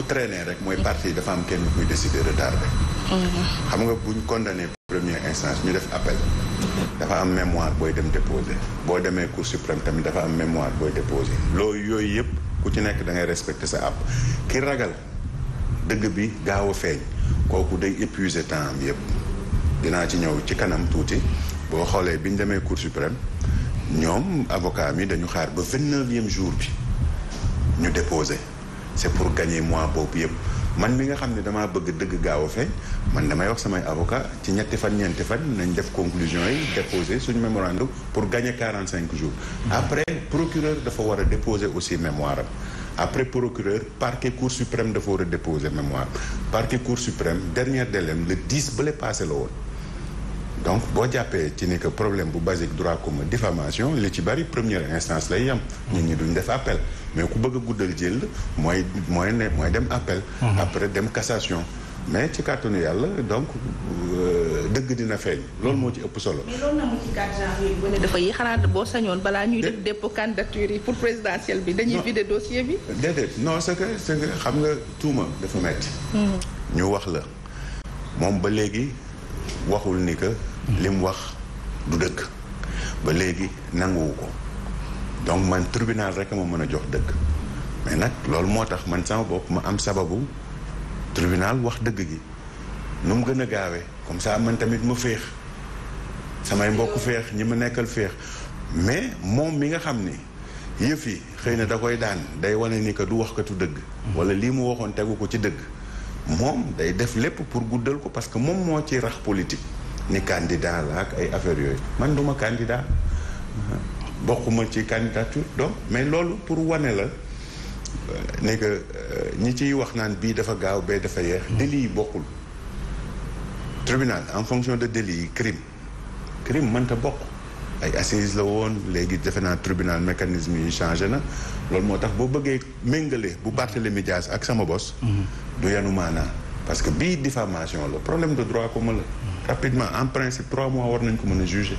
bu traîner rek mooy parti dafa am kenn kuy décider retardé. Mm-hmm. xam nga buñ condamné première instance ñu def appel. dafa am mémoire booy dem déposé boo demee cour suprême tamit dafa am mémoire booy déposé loolu yooyu yëpp ku ci nekk da ngay respecté sa àpp ki ragal dëgg bi gaaw a feeñ kooku day épuisé temps am yëpp dinaa ci ñëw ci kanam tuuti boo xoolee bi ñu demee cour suprême ñoom avocat mi dañu xaar ba vingt-neuvième jour bi ñu déposé c'est pour gagner mois boobu yëpp man mi nga xam ne damaa bëgg dëgg gaaw a feeñ man damay wax samay avocat ci ñetti fan ñeenti fan nañ def conclusion yi déposer suñu mémorandum pour gagner quarante cinq jours après procureur dafa war a déposer aussi mémoire am après procureur parquet cour suprême dafa war a déposer mémoire parquet cour suprême dernier délai le 10 bële passé la woon donc boo jàppee ci ni que problème bu basique droit commun diffamation li ci bari première instance lay yem. nit ñi duñ def appel mais ku bëgg a guddal jël mooy mooy ne mooy dem appel. Mhm. après dem cassation. mais ci kàttanu yàlla donc euh, dëgg dina feeñ. loolu moo ci ëpp solo. mais loolu na dafa yi xanaa boo sañoon balaa ñuy def dépôt candidature yi pour présidentielle bi. dañuy vider dossier bi. déedéet non c'est que xam nga tuuma dafa metti mhm. ñu wax la moom ba léegi waxul ni que. Mhm. li wax du dëkk. ba léegi nanguwu ko. donc man tribunal rek ma mën a jox dëgg mais nag loolu moo tax man sama bopp ma am sababu tribunal wax dëgg gi nu mu gën a gaawe comme ça man tamit ma féex samay mbokk féex ñi ma nekkal féex mais moom mi nga xam ni yëf yi xëy na da koy daan day wane ni que du wax katu dëgg wala lii mu waxoon tegu ko ci dëgg moom day def lépp pour guddal ko parce que moom moo ci rax politique ni candidat la ak ay affaires yooyu man duma candidat bokkuma ci candidature donc mais loolu pour wane la ne que euh, ñi ciy wax naan bii dafa gaaw bee dafa yeex mm-hmm. délit yi bokkul tribunal en fonction de délit yi crime crime mënta bokk ay assise la woon léegi defe naa tribunal mécanisme yi changé na loolu moo tax boo bëggee méngale bu Barthélémy Dias ak sama bos mm-hmm. du yanu maanaa parce que bii diffamation la problème de droit commun la mm-hmm. rapidement en principe trois mois war nañ ko mën a juger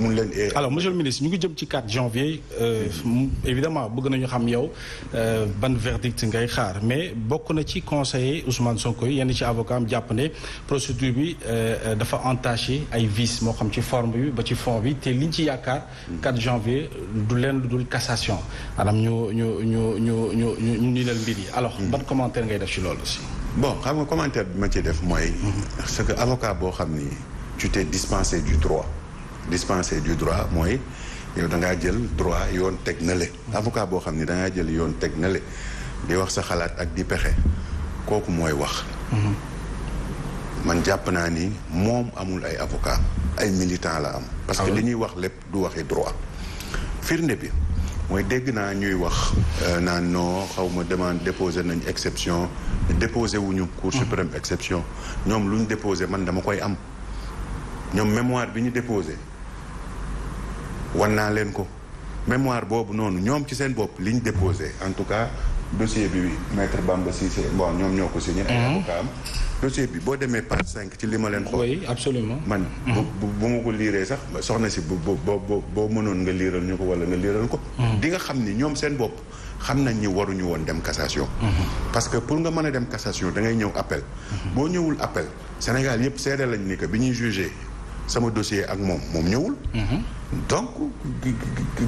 mun leen alors monsieur le ministre ñu ngi jëm ci 4 janvier euh, évidemment bëgg nañu xam yow euh, ban verdict ngay xaar mais bokk na ci conseiller Ousmane Sonko yi yenn ci avocat am jàpp ne procédure bi euh, dafa entaché ay vices moo xam ci forme bi ba ci fond bi te liñ ci yaakaar 4 janvier du leen lu dul cassation maanaam ñu ñu ñu ñu ñu ñu ñu leen mbir yi alors mm-hmm. ban commentaire ngay def ci loolu aussi bon xam nga commentaire bi ma ciy def mooy parce mm-hmm. que avocat boo xam ni tu t'es dispensé du droit dispensé du droit mooy yow da ngaa jël droit yoon teg na le avocat boo xam ne da jël yoon teg na le di wax sa xalaat ak di pexe kooku mooy wax. Mhm. man jàpp naa ni moom amul ay avocat ay militant la am. parce que ah li ñuy wax lépp du waxi droit. firnde bi mooy dégg naa ñuy wax euh, naan non xaw ma demande déposé nañ exception déposé wuñu. cour mhm. suprême exception ñoom lu ñu déposé man dama koy am ñoom mémoire bi ñu déposé. wan naa leen ko mémoire boobu noonu ñoom ci seen bopp liñ déposé en tout cas dossier bi maître Bamba Cissé bon ñoom ñoo ko signé. ay mhm. avocat am dossier bi boo demee page cinq ci li ma leen. xool oui absolument. man bu mhm. bu ma ko liiree sax soxna si bu boo boo mënoon nga liiral ñu ko wala nga liiral ko. Mhm. di nga xam ni ñoom seen bopp xam nañ ñi waruñu woon dem cassation. parce que pour nga mën a dem cassation da ngay ñëw appel. boo ñëwul appel Sénégal yëpp seede lañ ni que bi ñuy jugé sama dossier ak moom moom ñëwul. Mhm. donc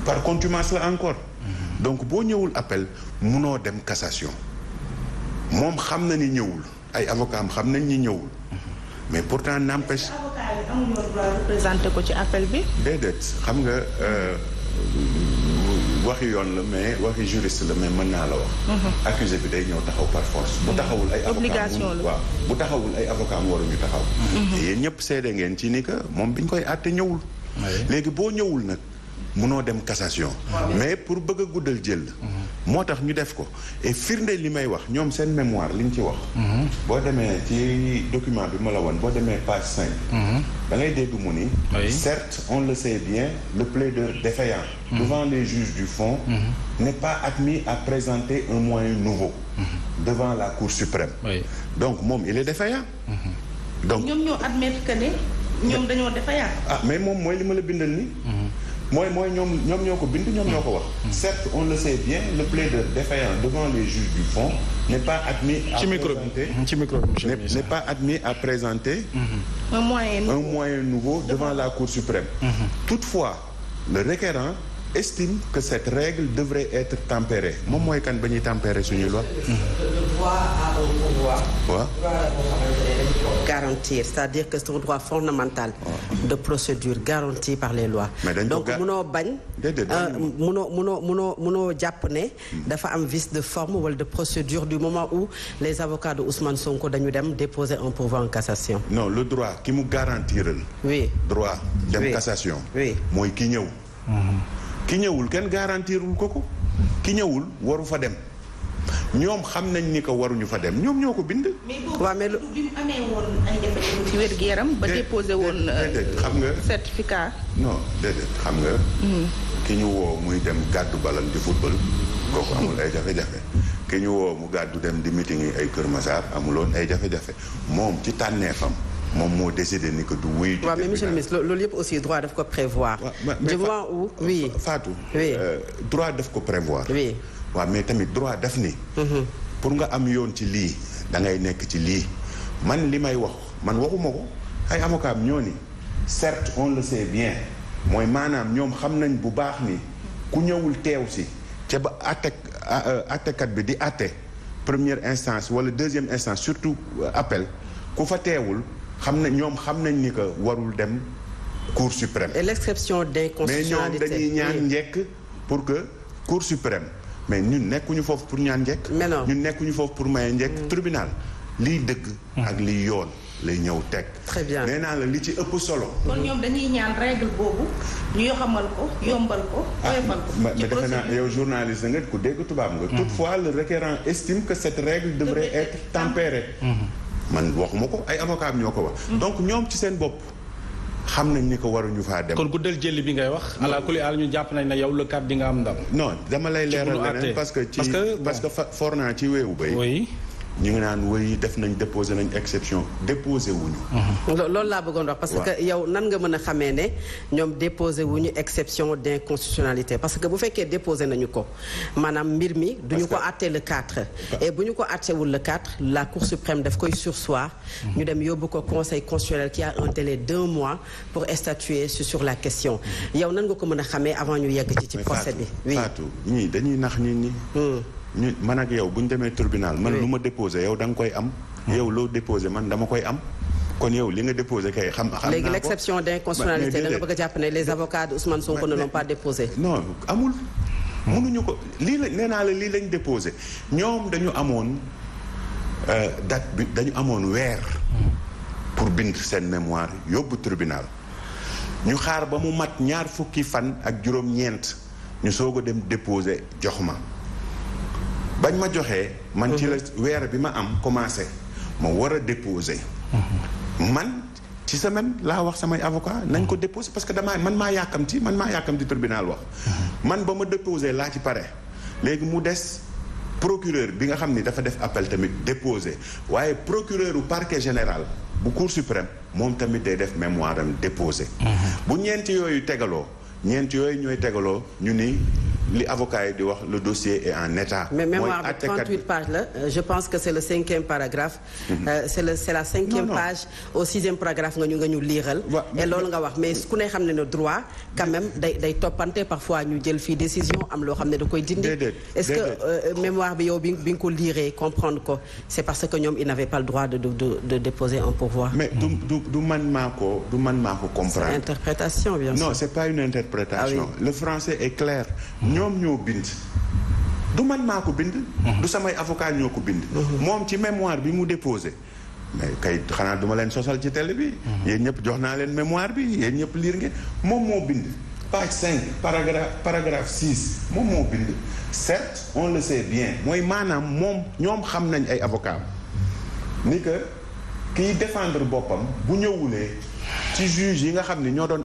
par contumace la encore. Mhm. donc boo ñëwul appel munoo dem cassation moom xam na ni ñëwul ay avocat am xam nañ ni ñëwul. Mhm. mais pourtant n'empêche. avocat ko ci appel bi. déedéet xam nga. Euh, waxi yoon la mais waxi juriste la mais mën naa la wax. Mhm. accusé bi day ñëw taxaw par force. bu mhm. taxawul ay avocat obligation waaw bu taxawul ay avocat am waruñu taxaw. Mhm. te yéen ñëpp seede ngeen ci ni que moom bi biñ koy àtte ñëwul. léegi boo ñëwul nag. munoo dem cassation mais pour bëgg a guddal jël moo tax ñu def ko e firnde li may wax ñoom seen mémoire li ñu ci wax mhm. boo demee ci document bi ma la woon boo demee page cinq mhm. da ngay dégg mu ni certes on le sait bien le plaideur défaillant mhm. devant les juges du fond n'est pas admis à présenter un moyen nouveau devant la cour suprême donc moom il est défaillant donc ñoom ñoo admettre que ne ñoom dañoo défaillant ah mais moom mooy li ma la bindal ni mooy mooy ñoom ñoom ñoo ko bind ñoom ñoo ko wax. Hmm. certes on le sait bien le plaideur défaillant devant les juges du fond n'est pas admis. à présenter ci micro hmm, pas admis à présenter. Hmm. un moyen nouveau un moyen devant la Cour suprême. toutefois le requérant. estime que cette règle devrait être tempérée moom mooy kan ba ñuy tempérer suñuy loi waaw garantir c'est-à-dire que c'est un droit fondamental de procédure garantie par les lois donc munoo bañ euh, munoo munoo munoo jàpp ne dafa am vice de forme wala de procédure du moment où les avocats de Ousmane Sonko dañu dem déposer un pourvoi en cassation non le droit ki mu garantiral oui droit dem cassation mooy ki ñëw mhm. ki ñëwul kenn garantirul ko ko ki ñëwul waru fa dem ñoom xam nañ ni ko waruñu fa dem ñoom ñoo ko bind. waaw mais boobu bi woon ay jafe xam nga euh, certificat. non xam nga. Hmm. ki ñu muy dem gàddu balam di football. kooku amul ay jafe-jafe. ki ñu woo mu gàddu dem di meeting ay Kër Massar amuloon ay jafe moom ci tànneefam. moom moo décidé ni que du wuy. waaw mais loolu yëpp aussi droit daf ko prévoir. du moment où oui. Fatou. oui euh, droit daf ko prévoir. oui. waa mais tamit droit daf ni mhm. pour nga am yoon ci lii da ngay nekk ci lii man li may wax man waxuma ko ay avocat ñoo ni certes on le sait bien mooy maanaam ñoom xam nañ bu baax ni ku ñëwul teew si ca ba atte euh, attekat bi di atte première instance wala deuxième instance surtout euh, appel ku fa teewul xam na ñoom xam nañ ni que warul dem cour suprême. et l'exception d'inconstitutionnalité mais ñoom dañuy ñaan njekk pour que cour suprême. mais ñu nekkuñu foofu pour ñaan njekk ñun nekkuñu foofu pour maye njekk mm. tribunal lii dëgg ak liy yoon lay ñëw teg. très naa la li ci ëpp solo. kon ñoom dañuy ñaan règle boobu ñu yoxamal ko yombal ko ah, oyofal ko. ci defe naa yow journaliste nga ku dégg tubaab nga. Mm. toutefois le requérant estime que cette règle devrait être tempérée. Mm-hmm. man waxuma ko ay avocats ñoo ko wax. Mm-hmm. donc ñoom ci seen bopp. xam nañ ni ko waruñu faa dem. kon ku del jëli bi ngay wax. ala kulli aal ñu jàpp nañ ne yow le kat di am ndam. non dama lay leeral leneen parce que. ci parce que parce que for naa ci weewu bay. ñu ngi naan wéy def nañ déposé nañ exception déposé wuñu loolu laa bëggoon wax parce que yow nan nga mën a xamee ne ñoom déposé wuñu exception d'inconstitutionnalité parce que bu fekkee déposé nañu ko maanaam mbir mi duñu ko àttee le 4 et bu ñu ko àtteewul le 4 la cour suprême daf koy soi mm-hmm. ñu dem yóbbu ko conseil constitutionnel qui a un délai d'un mois pour statuer sur la question mm-hmm. yow nan nga ko mën a xamee avant ñu yegg ci ci procès bi oui ñii dañuy nax nit ñi mm. ñu man ak yow bu ñu demee tribunal man lu ma déposé yow da nga koy am. Ah. yow loo déposé man dama koy am. kon yow li nga déposé kay xam. xam naa ko léegi l' d' inconstitutionnalité da nga bëgg a jàpp ne les avocats de Ousmane Sonko ne amul. Ah. mënuñu ko lii la nee naa lii lañ déposé ñoom dañu amoon euh, date bi dañu amoon weer. pour bind seen mémoire yóbbu tribunal. ñu xaar ba mu mat ñaar fukki fan ak juróom-ñeent ñu soog a dem déposé jox ma. bañ ma joxee man ci la mhm. weer bi ma am commencé ma war a déposer mhm. man ci semaine laa wax samay avocat nañ ko déposé parce que damaa man maa yàkkamti man maa yàkkamti tribunal wax mhm. man ba ma déposé laa ci pare léegi mu des procureur bi nga xam ni dafa def appel tamit déposé waaye procureur u parquet général bu cour suprême moom tamit day def mémoire am déposé bu ñeenti yooyu tegaloo ñeenti yooyu ñooy tegaloo ñu ni li avocat yi di wax le dossier est en état. mais mémoire bi 38 pages la euh, je pense que c' le cinquième paragraphe. Mhm. Euh, c' est le c' est la cinquième page au sixième paragraphe nga ñu nga ñu liiral. et loolu nga wax mais ku ne xam ne ne droit quand même day day toppante parfois ñu jël fii décision am loo xam ne da koy dindi. est ce que euh, euh, mémoire bi yow bi nga ko liiree comprendre ko c' est parce que ñoom il n' avait pas le droit de déposer un pourvoi. mais du man maa ko du man maa ko comprendre. c' est interprétation bien sûr. non c' ah est pas ñoom ñoo bind du man maa ko bind mhm. du samay avocat ñoo ko bind mhm. moom ci mémoire bi mu déposé mais kay xanaa duma leen sosal ci télé bi mhm. yéen ñëpp jox naa leen mémoire bi yéen ñëpp liir ngeen moom moo bind page 5 paragraphe paragraphe 6 moom moo bind certes on le sait bien mooy maanaam moom ñoom xam nañ ay avocat ni ki kiy défendre boppam bu ñëwulee ci juge yi nga xam ne ñoo doon